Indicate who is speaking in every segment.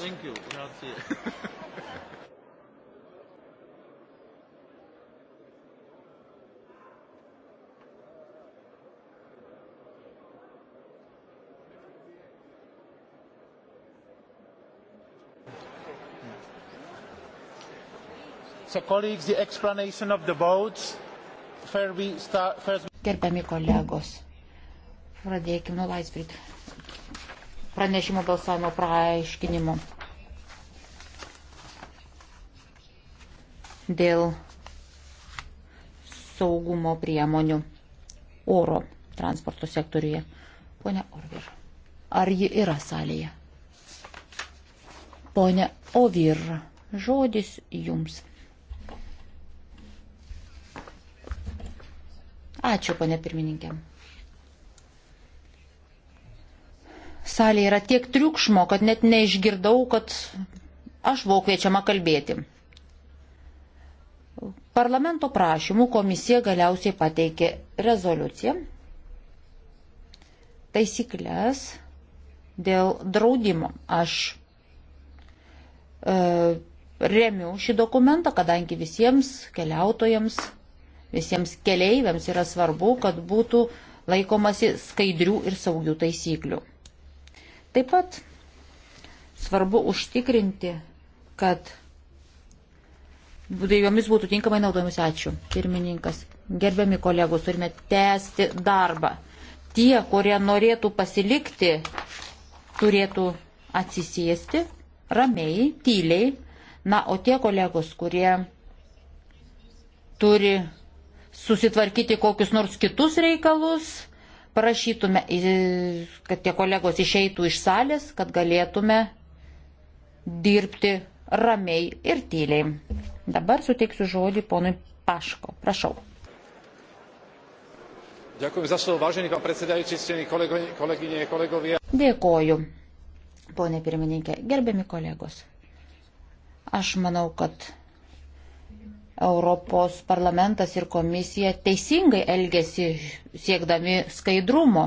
Speaker 1: Thank you. Grazie.
Speaker 2: So, colleagues, the explanation of the votes. First we start, first...
Speaker 1: Gerbiami kolegos, pradėkime nuo laisvryt pranešimo balsavimo praaiškinimo. dėl saugumo priemonių oro transporto sektoriuje. Pone Orvir, ar ji yra salėje? Pone Ovir, žodis jums. Ačiū, ponė pirmininkė. Salėje yra tiek triukšmo, kad net neišgirdau, kad aš buvau kviečiama kalbėti. Parlamento prašymų komisija galiausiai pateikė rezoliuciją, taisyklės dėl draudimo. Aš e, remiu šį dokumentą, kadangi visiems keliautojams, visiems keleiviams yra svarbu, kad būtų laikomasi skaidrių ir saugių taisyklių. Taip pat svarbu užtikrinti, kad jomis būtų tinkamai naudojamas. Ačiū, pirmininkas. Gerbiami kolegos, turime tęsti darbą. Tie, kurie norėtų pasilikti, turėtų atsisėsti ramiai, tyliai. Na, o tie kolegos, kurie turi susitvarkyti kokius nors kitus reikalus, prašytume, kad tie kolegos išeitų iš salės, kad galėtume dirbti ramiai ir tyliai. Dabar suteiksiu žodį ponui Paško. Prašau.
Speaker 3: Ďakujem za slovo, vážený pán predsedajúci, ctení
Speaker 2: kolegyne, kolegovia.
Speaker 1: Dėkoju, ponė pirmininkė, gerbiami kolegos. Aš manau, kad Europos parlamentas ir komisija teisingai elgesi siekdami skaidrumo,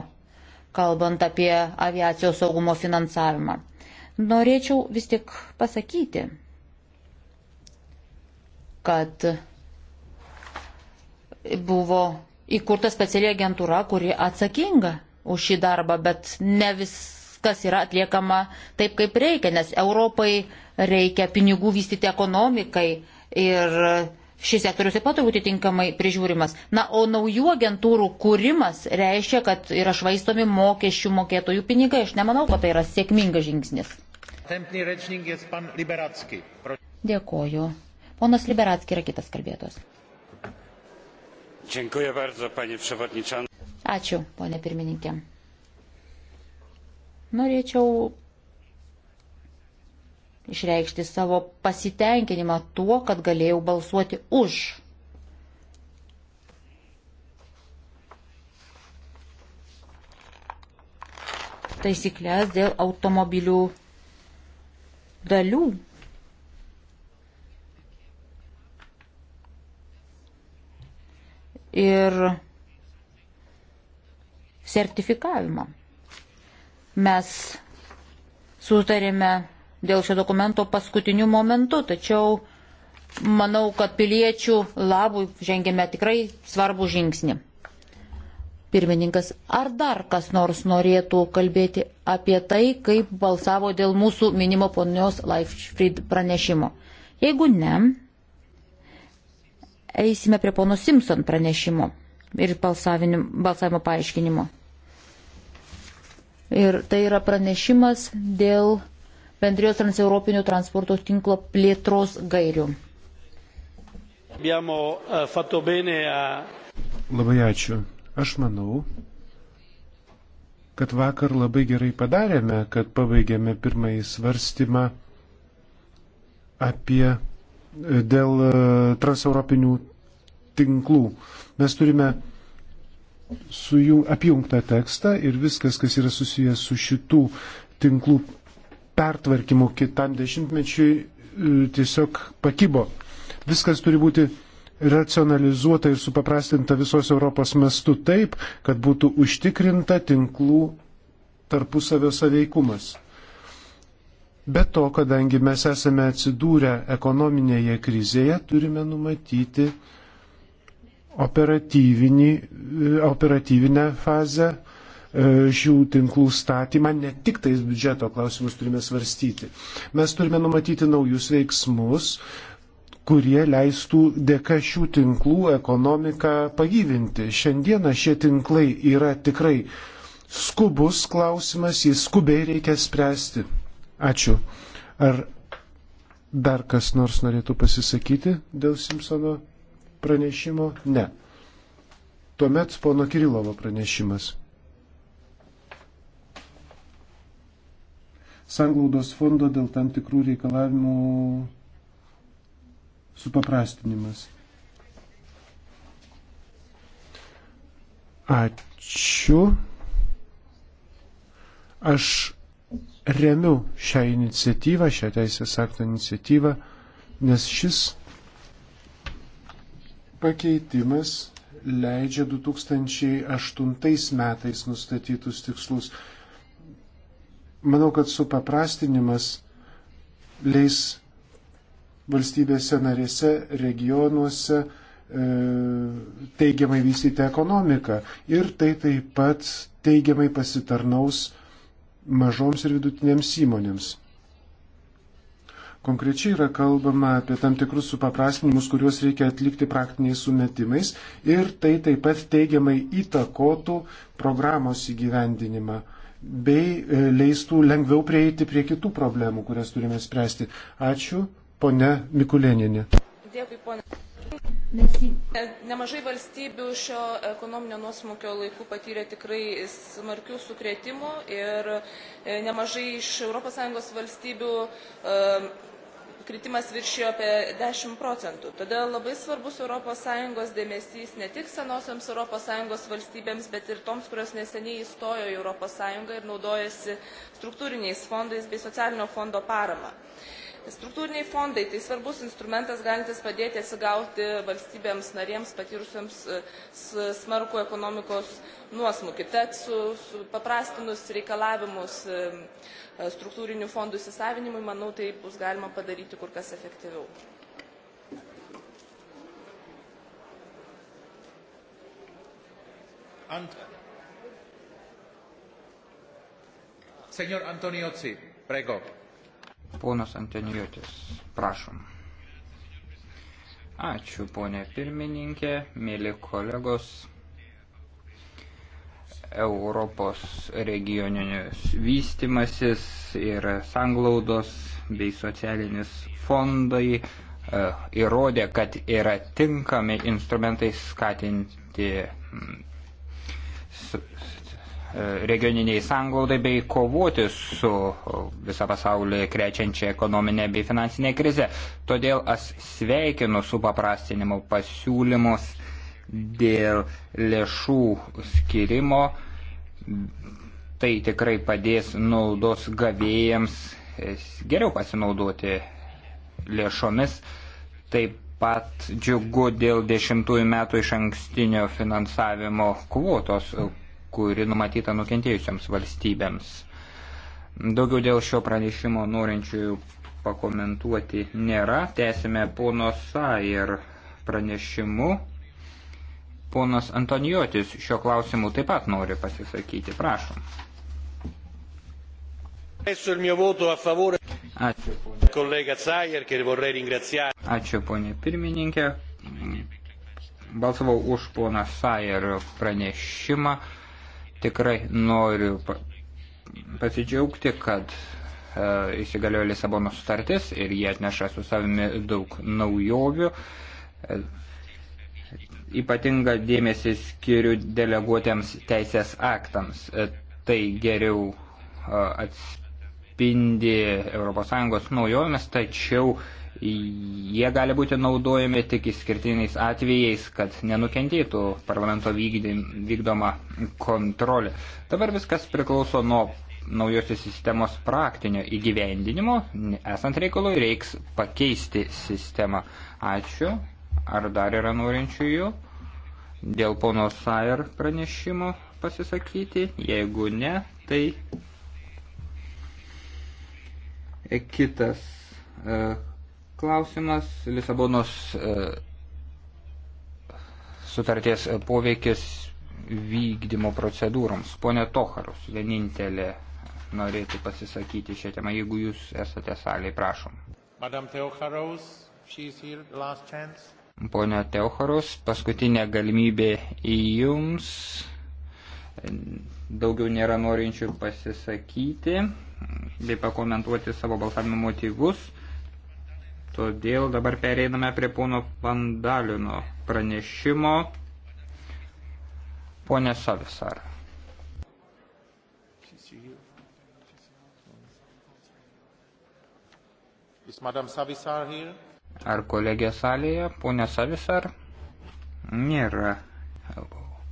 Speaker 1: kalbant apie aviacijos saugumo finansavimą. Norėčiau vis tik pasakyti, kad buvo įkurta speciali agentūra, kuri atsakinga už šį darbą, bet ne viskas yra atliekama taip, kaip reikia, nes Europai reikia pinigų vystyti ekonomikai ir šis sektorius taip pat turi būti tinkamai prižiūrimas. Na, o naujų agentūrų kūrimas reiškia, kad yra švaistomi mokesčių mokėtojų pinigai. Aš nemanau, kad tai yra sėkmingas žingsnis. Dėkoju. Ponas Liberatski yra kitas kalbėtos. Ačiū, ponė pirmininkė. Norėčiau išreikšti savo pasitenkinimą tuo, kad galėjau balsuoti už. Taisyklės dėl automobilių dalių. Ir sertifikavimą. Mes sutarėme dėl šio dokumento paskutiniu momentu, tačiau manau, kad piliečių labui žengėme tikrai svarbų žingsnį. Pirmininkas, ar dar kas nors norėtų kalbėti apie tai, kaip balsavo dėl mūsų minimo ponios Leifried pranešimo? Jeigu ne, eisime prie pono Simpson pranešimo ir balsavimo paaiškinimo. Ir tai yra pranešimas dėl bendrijos transeuropinio transporto tinklo plėtros gairių.
Speaker 2: Eh, labai ačiū. Aš manau, kad vakar labai gerai padarėme, kad pabaigėme pirmąjį svarstymą apie e, dėl e, transeuropinių tinklų. Mes turime sujung, apjungtą tekstą ir viskas, kas yra susijęs su šitų tinklų pertvarkymų kitam dešimtmečiui e, tiesiog pakibo. Viskas turi būti racionalizuota ir supaprastinta visos Europos mastu taip, kad būtų užtikrinta tinklų tarpusavio saveikumas. Be to, kadangi mes esame atsidūrę ekonominėje krizėje, turime numatyti e, operatyvinę fazę, E, šių tinklų statymą, ne tik tais biudžeto klausimus turime svarstyti. Mes turime numatyti naujus veiksmus, kurie leistų dėka šių tinklų ekonomiką pagyvinti. Šiandieną šie tinklai yra tikrai skubus klausimas, jį skubiai reikia spręsti. Ačiū. Ar dar kas nors norėtų pasisakyti dėl Simpsono pranešimo? Ne. Tuomet pono Kirilovo pranešimas. sanglaudos fondo dėl tam tikrų reikalavimų supaprastinimas. Ačiū. Aš remiu šią iniciatyvą, šią teisės akto iniciatyvą, nes šis pakeitimas leidžia 2008 metais nustatytus tikslus Manau, kad supaprastinimas leis valstybėse narėse, regionuose e, teigiamai vystyti ekonomiką. Ir tai taip pat teigiamai pasitarnaus mažoms ir vidutinėms įmonėms. Konkrečiai yra kalbama apie tam tikrus supaprastinimus, kuriuos reikia atlikti praktiniais sumetimais ir tai taip pat teigiamai įtakotų programos įgyvendinimą. E, bei e, leistų lengviau prieiti prie kitų problemų, kurias turime spręsti. Ačiū, ponė Mikulėninė.
Speaker 1: Dėkui, ponė. Nemažai valstybių šio ekonominio nuosmukio laikų patyrė tikrai smarkių sukretimų ir e, nemažai iš ES valstybių e, kritimas viršijo apie 10 procentų. Todėl labai svarbus ES dėmesys ne tik senosioms ES valstybėms, bet ir toms, kurios neseniai įstojo į ES ir naudojasi struktūriniais fondais bei socialinio fondo parama. Struktūriniai fondai tai svarbus instrumentas galintis padėti atsigauti valstybėms narėms patyrusiams e, smarkų ekonomikos nuosmukį. Tad su, su paprastinus reikalavimus e, e, struktūrinių fondų įsisavinimui, manau, tai bus galima padaryti kur kas efektyviau. Ant...
Speaker 2: Señor Antoniozzi, prego.
Speaker 3: Ponas Antonijotis, prašom. Ačiū, ponė pirmininkė, mėly kolegos. Europos regioninis vystimasis ir sanglaudos bei socialinis fondai e, įrodė, kad yra tinkami instrumentai skatinti mm, regioniniai sanglaudai bei kovoti su visą pasaulį krečiančia ekonominė bei finansinė krize. Todėl aš sveikinu su paprastinimu pasiūlymus dėl lėšų skirimo. Tai tikrai padės naudos gavėjams geriau pasinaudoti lėšomis. Taip pat džiugu dėl dešimtųjų metų iš ankstinio finansavimo kvotos, kuri numatyta nukentėjusiams valstybėms. Daugiau dėl šio pranešimo norinčiųjų pakomentuoti nėra. Tęsime pono Sair pranešimu. Ponas Antonijotis šio klausimu taip pat nori pasisakyti. Prašom. Ačiū, ponė. Ačiū, ponė pirmininkė. Balsavau už poną Sair pranešimą. Tikrai noriu pasidžiaugti, kad e, įsigaliojo Lisabono sutartis ir jie atneša su savimi daug naujovių. E, ypatinga dėmesį skiriu deleguotiems teisės aktams. E, tai geriau e, atspindi ES naujovėmis, tačiau e, jie gali būti naudojami tik išskirtiniais atvejais, kad nenukentėtų parlamento vykdoma kontrolė. Dabar viskas priklauso nuo naujosios sistemos praktinio įgyvendinimo. Esant reikalui, reiks pakeisti sistemą. Ačiū. Ar dar yra norinčiųjų dėl pono Sair pranešimo pasisakyti? Jeigu ne, tai kitas. Uh, klausimas - Lisabonos e, sutarties poveikis vykdymo procedūroms. Pone Toharus, vienintelė norėtų pasisakyti šią temą, jeigu jūs esate salėje, prašom.
Speaker 2: Teoharus, here,
Speaker 3: Pone Teoharus, paskutinė galimybė jums. Daugiau nėra norinčių pasisakyti bei pakomentuoti savo balsavimo motyvus. Todėl dabar pereiname prie pono Vandalino pranešimo. Pone Savisar. Ar kolegė salėje? Pone Savisar? Nėra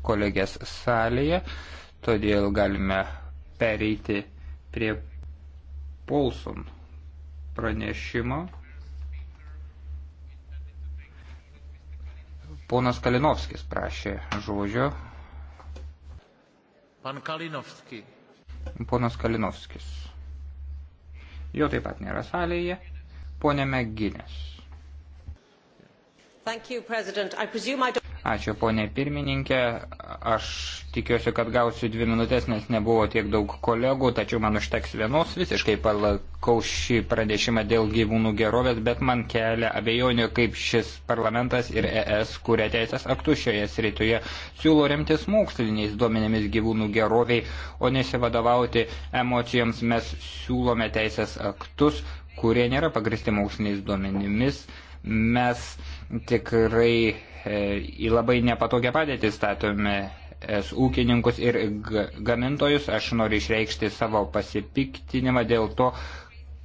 Speaker 3: kolegės salėje, todėl galime pereiti prie Polson pranešimo. Ponas Kalinovskis prašė žodžio.
Speaker 2: Pan Kalinovski.
Speaker 3: Ponas Kalinovskis. Jo taip pat nėra salėje. Pone Meginės.
Speaker 1: Thank you, President. I presume I don't...
Speaker 3: Ačiū, ponė pirmininkė. Aš tikiuosi, kad gausiu dvi minutės, nes nebuvo tiek daug kolegų, tačiau man užteks vienos. Visiškai palakau šį pranešimą dėl gyvūnų gerovės, bet man kelia abejonių, kaip šis parlamentas ir ES kuria teisės aktus šioje srityje. Siūlo remtis moksliniais duomenėmis gyvūnų geroviai, o nesivadovauti emocijoms. Mes siūlome teisės aktus, kurie nėra pagristi moksliniais duomenimis. Mes tikrai E, į labai nepatogią padėtį statomi es ūkininkus ir gamintojus. Aš noriu išreikšti savo pasipiktinimą dėl to,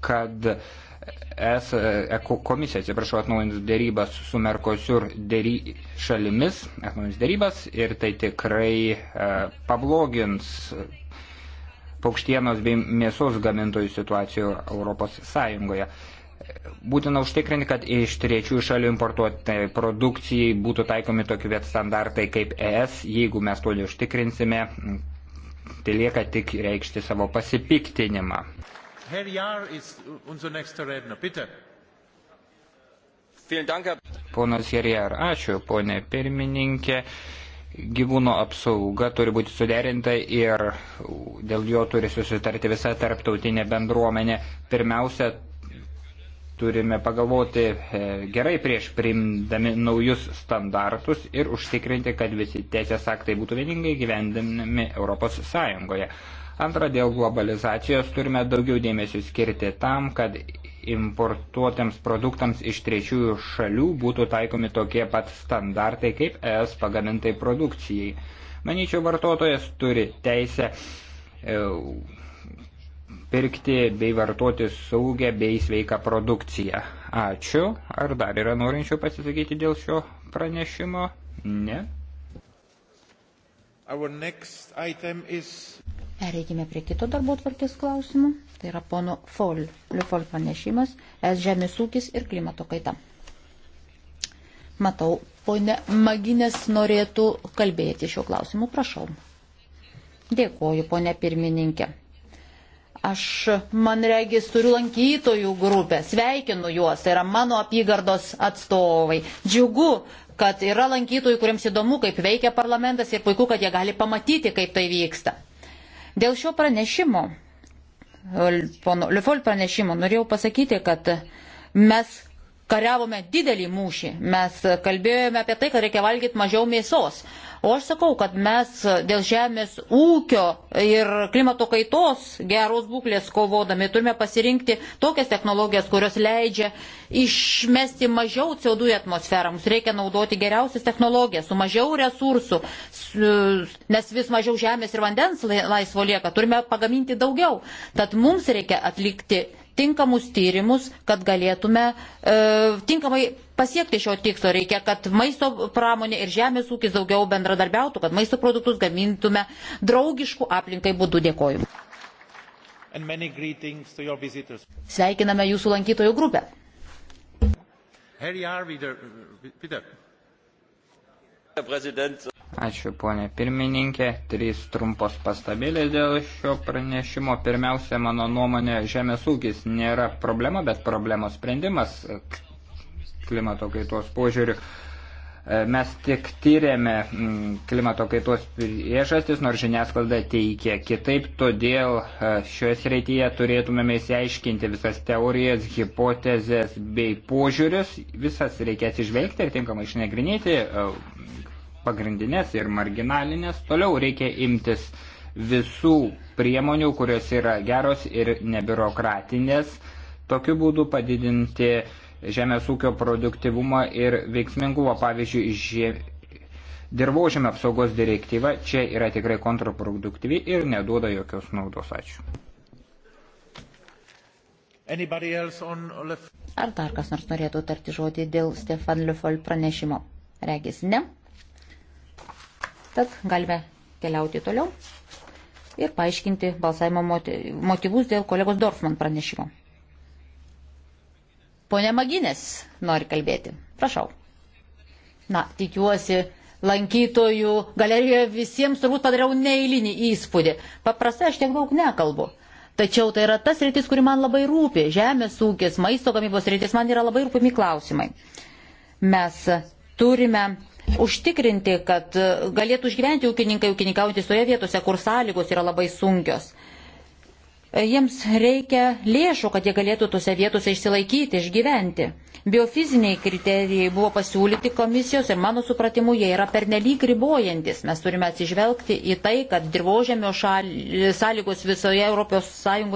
Speaker 3: kad es, e, komisija, atsiprašau, atnaujins dėrybas su Merkosiur dėry, šalimis, atnaujins dėrybas ir tai tikrai e, pablogins paukštienos bei mėsos gamintojų situacijų Europos Sąjungoje būtina užtikrinti, kad iš trečiųjų šalių importuotai produkcijai būtų taikomi tokie viet standartai kaip ES. Jeigu mes to neužtikrinsime, tai lieka tik reikšti savo pasipiktinimą. Ponas Herjar, ačiū, ponė pirmininkė. Gyvūno apsauga turi būti suderinta ir dėl jo turi susitarti visa tarptautinė bendruomenė. Pirmiausia, turime pagalvoti e, gerai prieš priimdami naujus standartus ir užtikrinti, kad visi teisės aktai būtų vieningai gyvendinami Europos Sąjungoje. Antra, dėl globalizacijos turime daugiau dėmesio skirti tam, kad importuotiems produktams iš trečiųjų šalių būtų taikomi tokie pat standartai kaip ES pagamintai produkcijai. Manyčiau, vartotojas turi teisę e, pirkti bei vartoti saugę bei sveiką produkciją. Ačiū. Ar dar yra norinčių pasisakyti dėl šio pranešimo? Ne.
Speaker 2: Is...
Speaker 1: Pereikime prie kito darbo tvarkės klausimų. Tai yra pono Fol, Liufol pranešimas Es žemės ūkis ir klimato kaita. Matau, ponė Maginės norėtų kalbėti šiuo klausimu. Prašau. Dėkuoju, ponė pirmininkė. Aš, man regis, turiu lankytojų grupę, sveikinu juos, tai yra mano apygardos atstovai. Džiugu, kad yra lankytojų, kuriems įdomu, kaip veikia parlamentas ir puiku, kad jie gali pamatyti, kaip tai vyksta. Dėl šio pranešimo, pono Liufol pranešimo, norėjau pasakyti, kad mes kariavome didelį mūšį, mes kalbėjome apie tai, kad reikia valgyti mažiau mėsos. O aš sakau, kad mes dėl žemės ūkio ir klimato kaitos geros būklės kovodami turime pasirinkti tokias technologijas, kurios leidžia išmesti mažiau CO2 į atmosferą. Mums reikia naudoti geriausias technologijas, su mažiau resursų, nes vis mažiau žemės ir vandens laisvo lieka. Turime pagaminti daugiau. Tad mums reikia atlikti tinkamus tyrimus, kad galėtume e, tinkamai pasiekti šio tikslo. Reikia, kad maisto pramonė ir žemės ūkis daugiau bendradarbiautų, kad maisto produktus gamintume draugiškų aplinkai būdų. Dėkoju. Sveikiname jūsų lankytojų grupę.
Speaker 2: Herr
Speaker 3: Präsident! Ačiū, ponė pirmininkė. Trys trumpos pastabėlės dėl šio pranešimo. Pirmiausia, mano nuomonė, žemės ūkis nėra problema, bet problemos sprendimas klimato kaitos požiūriu. E, mes tik tyrėme klimato kaitos priežastis, nors žiniasklaida teikia kitaip, todėl e, šioje srityje turėtumėme įsiaiškinti visas teorijas, hipotezės bei požiūrius, visas reikia atsižvelgti ir tinkamai išnagrinėti e, pagrindinės ir marginalinės. Toliau reikia imtis visų priemonių, kurios yra geros ir nebiurokratinės. Tokiu būdu padidinti žemės ūkio produktivumą ir veiksmingumą. Pavyzdžiui, žie... dirbožėmio apsaugos direktyva čia yra tikrai kontraproduktyvi ir neduoda jokios naudos. Ačiū.
Speaker 1: Ar dar kas nors norėtų tarti žodį dėl Stefan Liufol pranešimo? Regis ne. Tad galime keliauti toliau ir paaiškinti balsavimo motyvus dėl kolegos Dorfman pranešimo. Pone Maginės nori kalbėti. Prašau. Na, tikiuosi, lankytojų galerijoje visiems turbūt padariau neįlinį įspūdį. Paprastai aš tiek daug nekalbu. Tačiau tai yra tas rytis, kuri man labai rūpi. Žemės ūkis, maisto gamybos rytis man yra labai rūpimi klausimai. Mes turime užtikrinti, kad galėtų išgyventi ūkininkai, ūkininkaujantis toje vietose, kur sąlygos yra labai sunkios. Jiems reikia lėšų, kad jie galėtų tose vietose išsilaikyti, išgyventi. Biofiziniai kriterijai buvo pasiūlyti komisijos ir mano supratimu jie yra pernelyg ribojantis. Mes turime atsižvelgti į tai, kad dirbožėmio šal... sąlygos visoje ES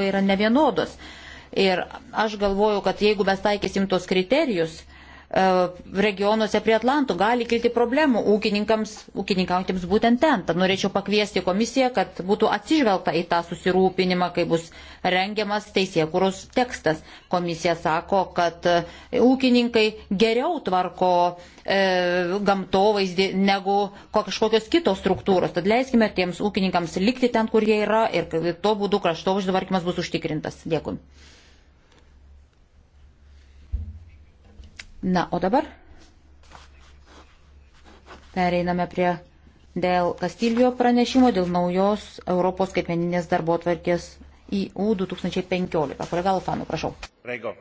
Speaker 1: yra nevienodos. Ir aš galvoju, kad jeigu mes taikysim tos kriterijus, E, regionuose prie Atlantų gali kilti problemų ūkininkams, ūkininkams būtent ten. Tad norėčiau pakviesti komisiją, kad būtų atsižvelgta į tą susirūpinimą, kai bus rengiamas teisėkurus tekstas. Komisija sako, kad e, ūkininkai geriau tvarko e, gamtovaizdį negu kažkokios kitos struktūros. Tad leiskime tiems ūkininkams likti ten, kur jie yra ir to būdu kraštovaizdžio tvarkymas bus užtikrintas. Dėkui. Na, o dabar pereiname prie dėl Kastilio pranešimo dėl naujos Europos skaitmeninės darbo tvarkės EU 2015. Kolega Alfano, prašau. Prego.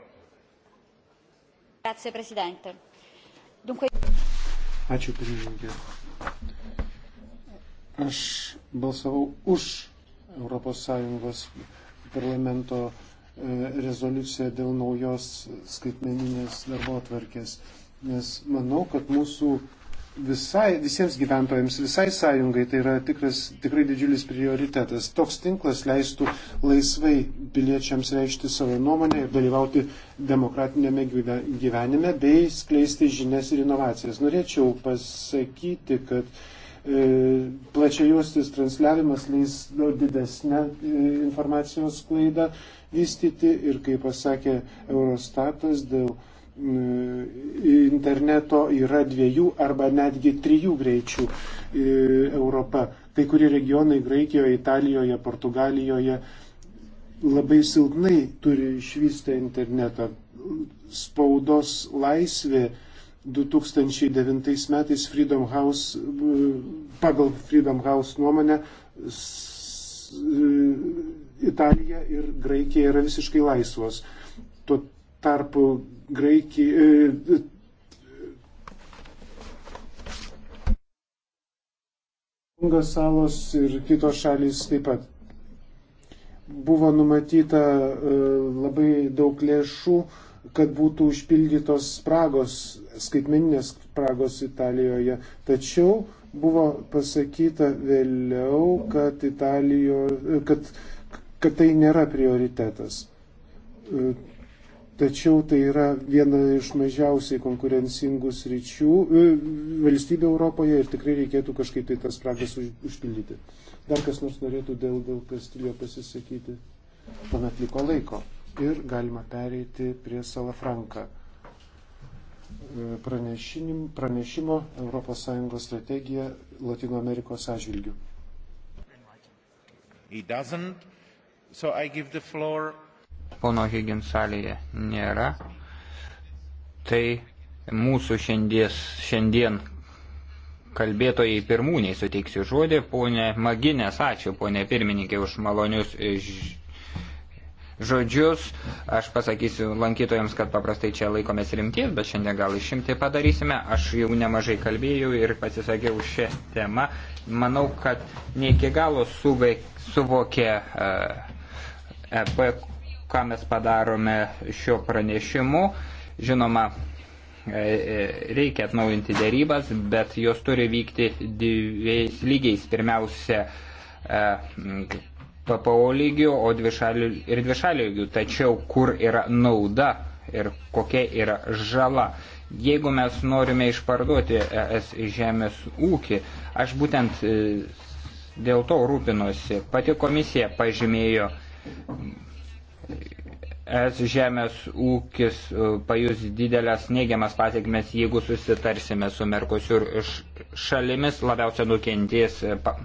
Speaker 1: Grazie, prezidente. Dunque...
Speaker 2: Ačiū, pirmininkė. Aš balsavau už ES parlamento E, rezoliuciją dėl naujos skaitmeninės darbo atvarkės. Nes manau, kad mūsų visai, visiems gyventojams, visai sąjungai tai yra tikras, tikrai didžiulis prioritetas. Toks tinklas leistų laisvai piliečiams reikšti savo nuomonę ir dalyvauti demokratinėme gyvenime bei skleisti žinias ir inovacijas. Norėčiau pasakyti, kad E, plačiajuostis transliavimas leis daug didesnę e, informacijos sklaidą vystyti ir, kaip pasakė Eurostatas, dėl e, interneto yra dviejų arba netgi trijų greičių Europa. Kai kurie regionai Graikijoje, Italijoje, Portugalijoje labai silpnai turi išvystę internetą. Spaudos laisvė 2009 metais Freedom House, pagal Freedom House nuomonę e, Italija ir Graikija yra visiškai laisvos. Tuo tarpu Graikija. E, e, Kongo salos ir kitos šalys taip pat. Buvo numatyta labai daug lėšų, kad būtų užpildytos spragos skaitmeninės spragos Italijoje. Tačiau buvo pasakyta vėliau, kad, Italijo, kad, kad tai nėra prioritetas. E, tačiau tai yra viena iš mažiausiai konkurencingų sričių e, valstybė Europoje ir tikrai reikėtų kažkaip tai tas spragas užpildyti. Dar kas nors norėtų dėl, dėl kastilio pasisakyti? Tuomet liko laiko ir galima pereiti prie Salafranką. E, pranešimo ES strategija Latino Amerikos atžvilgių. So floor...
Speaker 3: Pono Higgins salėje nėra. Tai mūsų šiandies, šiandien kalbėtojai pirmūniai suteiksiu žodį. Pone Maginės, ačiū pone pirmininkė už malonius žodžius. Aš pasakysiu lankytojams, kad paprastai čia laikomės rimties, bet šiandien gal išimti padarysime. Aš jau nemažai kalbėjau ir pasisakiau šią temą. Manau, kad ne iki galo suvokė EP, e ką mes padarome šiuo pranešimu. Žinoma, e, e, reikia atnaujinti dėrybas, bet jos turi vykti dviejais lygiais. Pirmiausia, PPO lygių dvišalių, ir dvišalių lygių, tačiau kur yra nauda ir kokia yra žala. Jeigu mes norime išparduoti ES žemės ūkį, aš būtent e, dėl to rūpinosi. Pati komisija pažymėjo, ES žemės ūkis e, pajus didelės neigiamas pasiekmes, jeigu susitarsime su Merkosiur šalimis, labiausia nukentės. E, pa,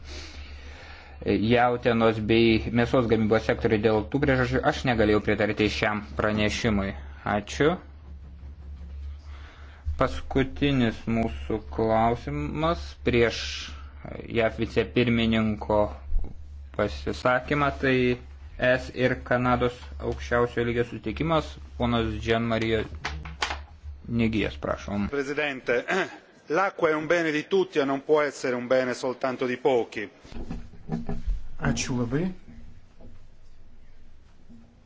Speaker 3: jautienos bei mėsos gamybos sektoriui. Dėl tų priežasčių aš negalėjau pritarti šiam pranešimui. Ačiū. Paskutinis mūsų klausimas prieš JAF vicepirmininko pasisakymą, tai es ir Kanados aukščiausio lygio sutikimas, ponas Džian Marija Negijas, prašom. Prezidente, l'acqua è un bene di tutti e non può essere un bene soltanto di pochi. Ačiū labai.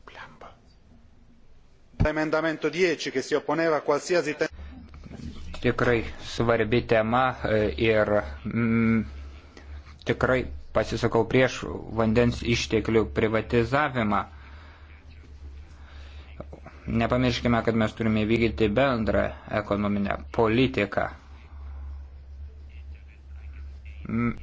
Speaker 3: Plemba. Emendamento 10, che si opponeva a qualsiasi tema. Tikrai svarbi tema e, ir mm, tikrai pasisakau prieš vandens išteklių privatizavimą. Nepamirškime, kad mes turime vykdyti bendrą ekonominę politiką. Mm,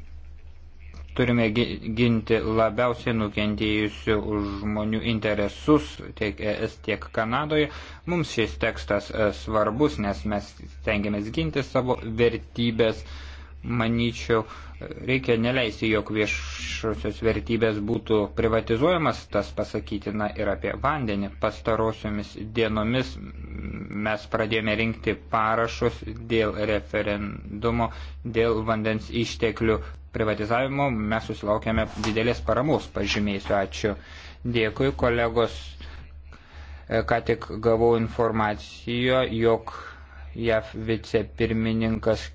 Speaker 3: turime ginti labiausiai nukentėjusių žmonių interesus tiek ES, tiek Kanadoje. Mums šis tekstas e, svarbus, nes mes stengiamės ginti savo vertybės. Manyčiau, reikia neleisti, jog viešosios vertybės būtų privatizuojamas, tas pasakytina ir apie vandenį. Pastarosiomis dienomis mes pradėjome rinkti parašus dėl referendumo, dėl vandens išteklių privatizavimo mes susilaukėme didelės paramos, pažymėsiu, ačiū. Dėkui, kolegos, e, ką tik gavau informaciją, jog JAF vicepirmininkas